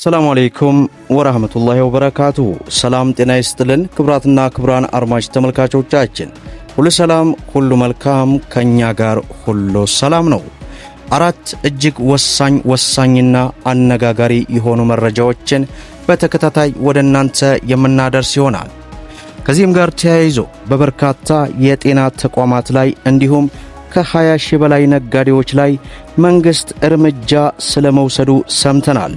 ሰላም አለይኩም ወራህመቱላሂ ወበረካቱሁ። ሰላም ጤና ይስጥልን ክብራትና ክብራን አድማጭ ተመልካቾቻችን ሁሉ ሰላም፣ ሁሉ መልካም፣ ከኛ ጋር ሁሉ ሰላም ነው። አራት እጅግ ወሳኝ ወሳኝና አነጋጋሪ የሆኑ መረጃዎችን በተከታታይ ወደ እናንተ የምናደርስ ይሆናል። ከዚህም ጋር ተያይዞ በበርካታ የጤና ተቋማት ላይ እንዲሁም ከ20 ሺህ በላይ ነጋዴዎች ላይ መንግሥት እርምጃ ስለ መውሰዱ ሰምተናል።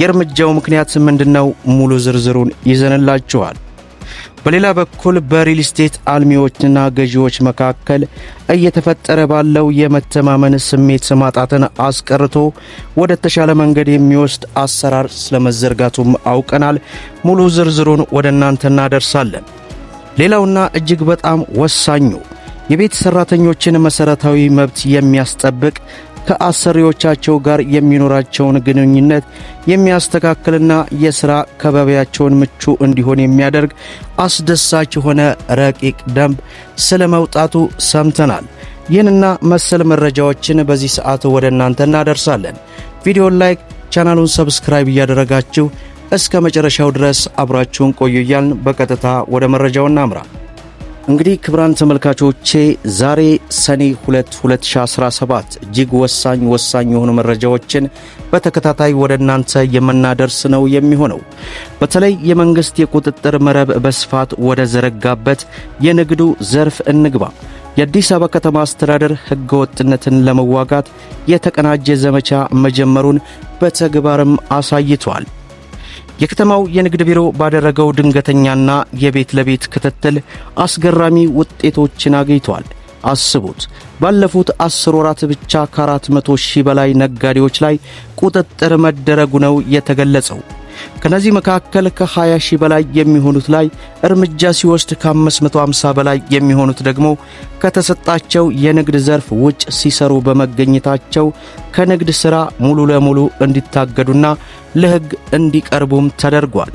የእርምጃው ምክንያት ምንድነው? ሙሉ ዝርዝሩን ይዘንላችኋል። በሌላ በኩል በሪል ስቴት አልሚዎችና ገዢዎች መካከል እየተፈጠረ ባለው የመተማመን ስሜት ማጣትን አስቀርቶ ወደ ተሻለ መንገድ የሚወስድ አሰራር ስለመዘርጋቱም አውቀናል። ሙሉ ዝርዝሩን ወደ እናንተ እናደርሳለን። ሌላውና እጅግ በጣም ወሳኙ የቤት ሠራተኞችን መሠረታዊ መብት የሚያስጠብቅ ከአሰሪዎቻቸው ጋር የሚኖራቸውን ግንኙነት የሚያስተካክልና የሥራ ከባቢያቸውን ምቹ እንዲሆን የሚያደርግ አስደሳች የሆነ ረቂቅ ደንብ ስለ መውጣቱ ሰምተናል። ይህንና መሰል መረጃዎችን በዚህ ሰዓት ወደ እናንተ እናደርሳለን። ቪዲዮን ላይክ፣ ቻናሉን ሰብስክራይብ እያደረጋችሁ እስከ መጨረሻው ድረስ አብራችሁን ቆዩ እያልን በቀጥታ ወደ መረጃው እናምራ። እንግዲህ ክብራን ተመልካቾቼ ዛሬ ሰኔ 2 2017 እጅግ ወሳኝ ወሳኝ የሆኑ መረጃዎችን በተከታታይ ወደ እናንተ የምናደርስ ነው የሚሆነው። በተለይ የመንግስት የቁጥጥር መረብ በስፋት ወደ ዘረጋበት የንግዱ ዘርፍ እንግባ። የአዲስ አበባ ከተማ አስተዳደር ሕገ ወጥነትን ለመዋጋት የተቀናጀ ዘመቻ መጀመሩን በተግባርም አሳይቷል። የከተማው የንግድ ቢሮ ባደረገው ድንገተኛና የቤት ለቤት ክትትል አስገራሚ ውጤቶችን አግኝቷል። አስቡት ባለፉት አስር ወራት ብቻ ከአራት መቶ ሺህ በላይ ነጋዴዎች ላይ ቁጥጥር መደረጉ ነው የተገለጸው። ከነዚህ መካከል ከ20 ሺህ በላይ የሚሆኑት ላይ እርምጃ ሲወስድ ከ550 በላይ የሚሆኑት ደግሞ ከተሰጣቸው የንግድ ዘርፍ ውጭ ሲሰሩ በመገኘታቸው ከንግድ ሥራ ሙሉ ለሙሉ እንዲታገዱና ለሕግ እንዲቀርቡም ተደርጓል።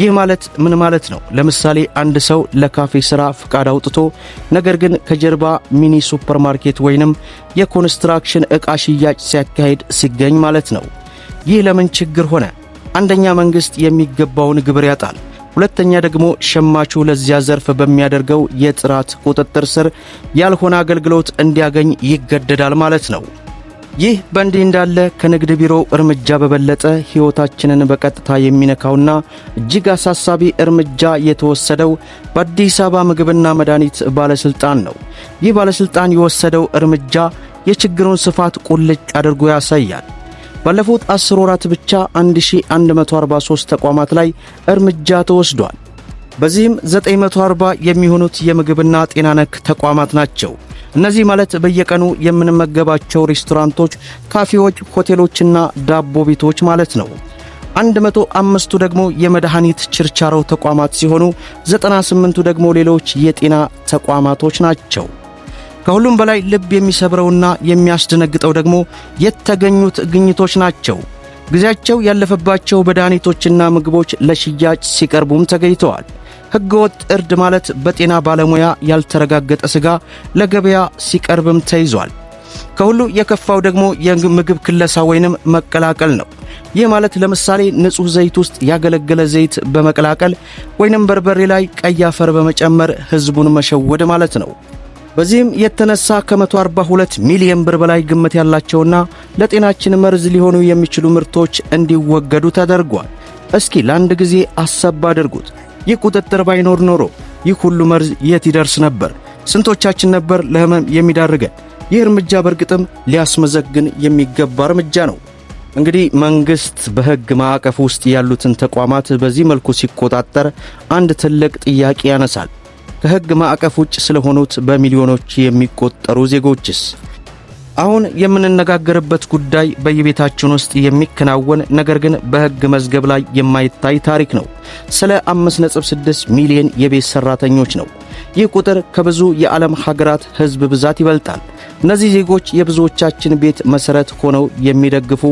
ይህ ማለት ምን ማለት ነው? ለምሳሌ አንድ ሰው ለካፌ ሥራ ፍቃድ አውጥቶ ነገር ግን ከጀርባ ሚኒ ሱፐርማርኬት ወይንም የኮንስትራክሽን ዕቃ ሽያጭ ሲያካሄድ ሲገኝ ማለት ነው። ይህ ለምን ችግር ሆነ? አንደኛ መንግሥት የሚገባውን ግብር ያጣል። ሁለተኛ ደግሞ ሸማቹ ለዚያ ዘርፍ በሚያደርገው የጥራት ቁጥጥር ስር ያልሆነ አገልግሎት እንዲያገኝ ይገደዳል ማለት ነው። ይህ በእንዲህ እንዳለ ከንግድ ቢሮ እርምጃ በበለጠ ሕይወታችንን በቀጥታ የሚነካውና እጅግ አሳሳቢ እርምጃ የተወሰደው በአዲስ አበባ ምግብና መድኃኒት ባለሥልጣን ነው። ይህ ባለሥልጣን የወሰደው እርምጃ የችግሩን ስፋት ቁልጭ አድርጎ ያሳያል። ባለፉት 10 ወራት ብቻ 1143 ተቋማት ላይ እርምጃ ተወስዷል። በዚህም 940 የሚሆኑት የምግብና ጤና ነክ ተቋማት ናቸው። እነዚህ ማለት በየቀኑ የምንመገባቸው ሬስቶራንቶች፣ ካፌዎች፣ ሆቴሎችና ዳቦ ቤቶች ማለት ነው። 105ቱ ደግሞ የመድኃኒት ችርቻሮ ተቋማት ሲሆኑ 98ቱ ደግሞ ሌሎች የጤና ተቋማቶች ናቸው። ከሁሉም በላይ ልብ የሚሰብረውና የሚያስደነግጠው ደግሞ የተገኙት ግኝቶች ናቸው። ጊዜያቸው ያለፈባቸው መድኃኒቶችና ምግቦች ለሽያጭ ሲቀርቡም ተገኝተዋል። ሕገወጥ እርድ ማለት በጤና ባለሙያ ያልተረጋገጠ ሥጋ ለገበያ ሲቀርብም ተይዟል። ከሁሉ የከፋው ደግሞ የምግብ ክለሳ ወይንም መቀላቀል ነው። ይህ ማለት ለምሳሌ ንጹሕ ዘይት ውስጥ ያገለገለ ዘይት በመቀላቀል ወይንም በርበሬ ላይ ቀይ አፈር በመጨመር ሕዝቡን መሸወድ ማለት ነው። በዚህም የተነሳ ከ142 ሚሊዮን ብር በላይ ግምት ያላቸውና ለጤናችን መርዝ ሊሆኑ የሚችሉ ምርቶች እንዲወገዱ ተደርጓል። እስኪ ለአንድ ጊዜ አሰብ አድርጉት። ይህ ቁጥጥር ባይኖር ኖሮ ይህ ሁሉ መርዝ የት ይደርስ ነበር? ስንቶቻችን ነበር ለህመም የሚዳርገን? ይህ እርምጃ በእርግጥም ሊያስመዘግን የሚገባ እርምጃ ነው። እንግዲህ መንግስት በህግ ማዕቀፍ ውስጥ ያሉትን ተቋማት በዚህ መልኩ ሲቆጣጠር አንድ ትልቅ ጥያቄ ያነሳል። ከህግ ማዕቀፍ ውጭ ስለሆኑት በሚሊዮኖች የሚቆጠሩ ዜጎችስ? አሁን የምንነጋገርበት ጉዳይ በየቤታችን ውስጥ የሚከናወን ነገር ግን በህግ መዝገብ ላይ የማይታይ ታሪክ ነው። ስለ 5.6 ሚሊዮን የቤት ሰራተኞች ነው። ይህ ቁጥር ከብዙ የዓለም ሀገራት ህዝብ ብዛት ይበልጣል። እነዚህ ዜጎች የብዙዎቻችን ቤት መሰረት ሆነው የሚደግፉ፣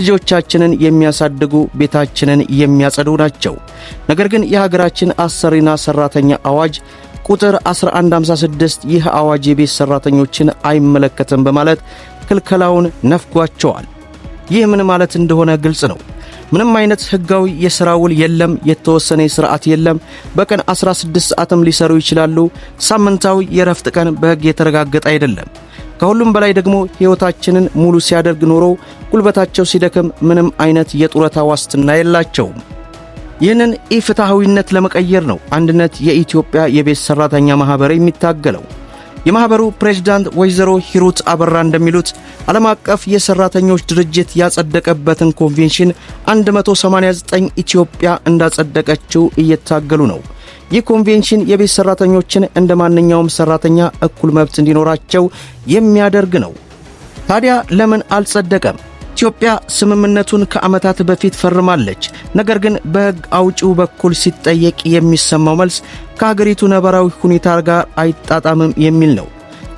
ልጆቻችንን የሚያሳድጉ፣ ቤታችንን የሚያጸዱ ናቸው። ነገር ግን የሀገራችን አሰሪና ሰራተኛ አዋጅ ቁጥር 1156 ይህ አዋጅ የቤት ሠራተኞችን አይመለከትም በማለት ክልከላውን ነፍጓቸዋል። ይህ ምን ማለት እንደሆነ ግልጽ ነው። ምንም አይነት ሕጋዊ የሥራ ውል የለም። የተወሰነ ስርዓት የለም። በቀን 16 ሰዓትም ሊሰሩ ይችላሉ። ሳምንታዊ የረፍት ቀን በሕግ የተረጋገጠ አይደለም። ከሁሉም በላይ ደግሞ ሕይወታችንን ሙሉ ሲያደርግ ኖሮ ጉልበታቸው ሲደክም ምንም አይነት የጡረታ ዋስትና የላቸውም። ይህንን ኢፍትሐዊነት ለመቀየር ነው አንድነት የኢትዮጵያ የቤት ሠራተኛ ማኅበር የሚታገለው። የማኅበሩ ፕሬዝዳንት ወይዘሮ ሂሩት አበራ እንደሚሉት ዓለም አቀፍ የሠራተኞች ድርጅት ያጸደቀበትን ኮንቬንሽን 189 ኢትዮጵያ እንዳጸደቀችው እየታገሉ ነው። ይህ ኮንቬንሽን የቤት ሠራተኞችን እንደ ማንኛውም ሠራተኛ እኩል መብት እንዲኖራቸው የሚያደርግ ነው። ታዲያ ለምን አልጸደቀም? ኢትዮጵያ ስምምነቱን ከዓመታት በፊት ፈርማለች። ነገር ግን በሕግ አውጪው በኩል ሲጠየቅ የሚሰማው መልስ ከሀገሪቱ ነባራዊ ሁኔታ ጋር አይጣጣምም የሚል ነው።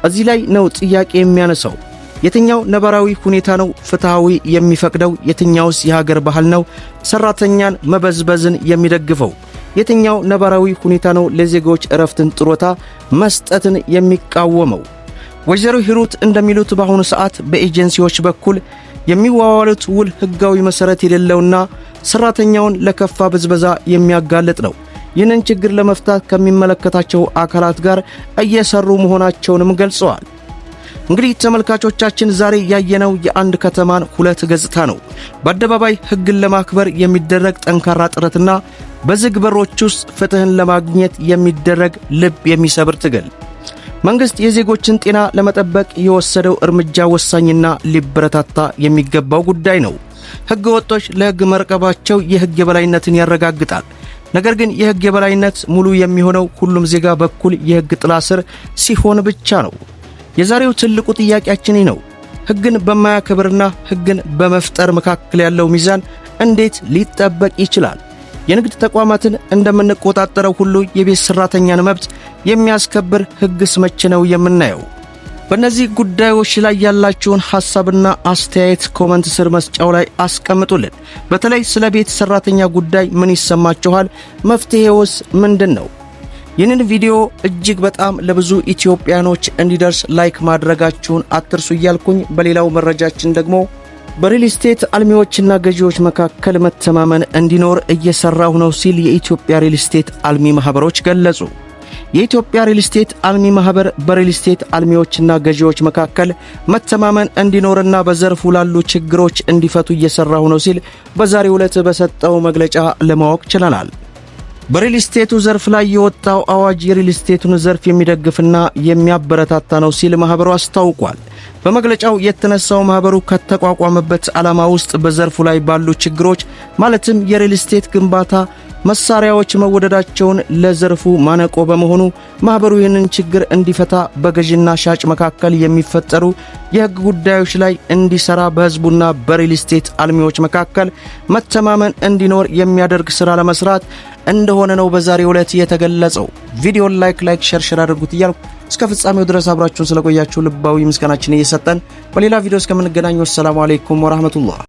እዚህ ላይ ነው ጥያቄ የሚያነሳው። የትኛው ነባራዊ ሁኔታ ነው ፍትሐዊ የሚፈቅደው? የትኛውስ የሀገር ባህል ነው ሰራተኛን መበዝበዝን የሚደግፈው? የትኛው ነባራዊ ሁኔታ ነው ለዜጎች እረፍትን፣ ጥሮታ መስጠትን የሚቃወመው? ወይዘሮ ሂሩት እንደሚሉት በአሁኑ ሰዓት በኤጀንሲዎች በኩል የሚዋዋሉት ውል ሕጋዊ መሠረት የሌለውና ሠራተኛውን ለከፋ ብዝበዛ የሚያጋልጥ ነው። ይህንን ችግር ለመፍታት ከሚመለከታቸው አካላት ጋር እየሰሩ መሆናቸውንም ገልጸዋል። እንግዲህ ተመልካቾቻችን ዛሬ ያየነው የአንድ ከተማን ሁለት ገጽታ ነው። በአደባባይ ሕግን ለማክበር የሚደረግ ጠንካራ ጥረትና በዝግ በሮች ውስጥ ፍትሕን ለማግኘት የሚደረግ ልብ የሚሰብር ትግል መንግስት የዜጎችን ጤና ለመጠበቅ የወሰደው እርምጃ ወሳኝና ሊበረታታ የሚገባው ጉዳይ ነው። ሕገ ወጦች ለሕግ መርቀባቸው የሕግ የበላይነትን ያረጋግጣል። ነገር ግን የሕግ የበላይነት ሙሉ የሚሆነው ሁሉም ዜጋ በኩል የሕግ ጥላ ስር ሲሆን ብቻ ነው። የዛሬው ትልቁ ጥያቄያችን ነው። ሕግን በማያከብርና ሕግን በመፍጠር መካከል ያለው ሚዛን እንዴት ሊጠበቅ ይችላል? የንግድ ተቋማትን እንደምንቆጣጠረው ሁሉ የቤት ሠራተኛን መብት የሚያስከብር ሕግስ መቼ ነው የምናየው? በእነዚህ ጉዳዮች ላይ ያላችሁን ሐሳብና አስተያየት ኮመንት ስር መስጫው ላይ አስቀምጡልን። በተለይ ስለ ቤት ሠራተኛ ጉዳይ ምን ይሰማችኋል? መፍትሔውስ ምንድን ነው? ይህንን ቪዲዮ እጅግ በጣም ለብዙ ኢትዮጵያኖች እንዲደርስ ላይክ ማድረጋችሁን አትርሱ እያልኩኝ በሌላው መረጃችን ደግሞ በሪል ስቴት አልሚዎችና ገዢዎች መካከል መተማመን እንዲኖር እየሰራሁ ነው ሲል የኢትዮጵያ ሪል ስቴት አልሚ ማኅበሮች ገለጹ። የኢትዮጵያ ሪል ስቴት አልሚ ማህበር በሪል ስቴት አልሚዎችና ገዢዎች መካከል መተማመን እንዲኖርና በዘርፉ ላሉ ችግሮች እንዲፈቱ እየሰራሁ ነው ሲል በዛሬው ዕለት በሰጠው መግለጫ ለማወቅ ችለናል። በሪል ስቴቱ ዘርፍ ላይ የወጣው አዋጅ የሪል ስቴቱን ዘርፍ የሚደግፍና የሚያበረታታ ነው ሲል ማህበሩ አስታውቋል። በመግለጫው የተነሳው ማህበሩ ከተቋቋመበት ዓላማ ውስጥ በዘርፉ ላይ ባሉ ችግሮች ማለትም የሪል ስቴት ግንባታ መሳሪያዎች መወደዳቸውን ለዘርፉ ማነቆ በመሆኑ ማኅበሩ ይህንን ችግር እንዲፈታ በገዥና ሻጭ መካከል የሚፈጠሩ የሕግ ጉዳዮች ላይ እንዲሠራ በሕዝቡና በሪል ስቴት አልሚዎች መካከል መተማመን እንዲኖር የሚያደርግ ሥራ ለመሥራት እንደሆነ ነው በዛሬው ዕለት የተገለጸው። ቪዲዮን ላይክ ላይክ ሸርሸር አድርጉት እያልኩ እስከ ፍጻሜው ድረስ አብራችሁን ስለቆያችሁ ልባዊ ምስጋናችን እየሰጠን በሌላ ቪዲዮ እስከምንገናኘው ወሰላሙ አሌይኩም ወረህመቱላህ።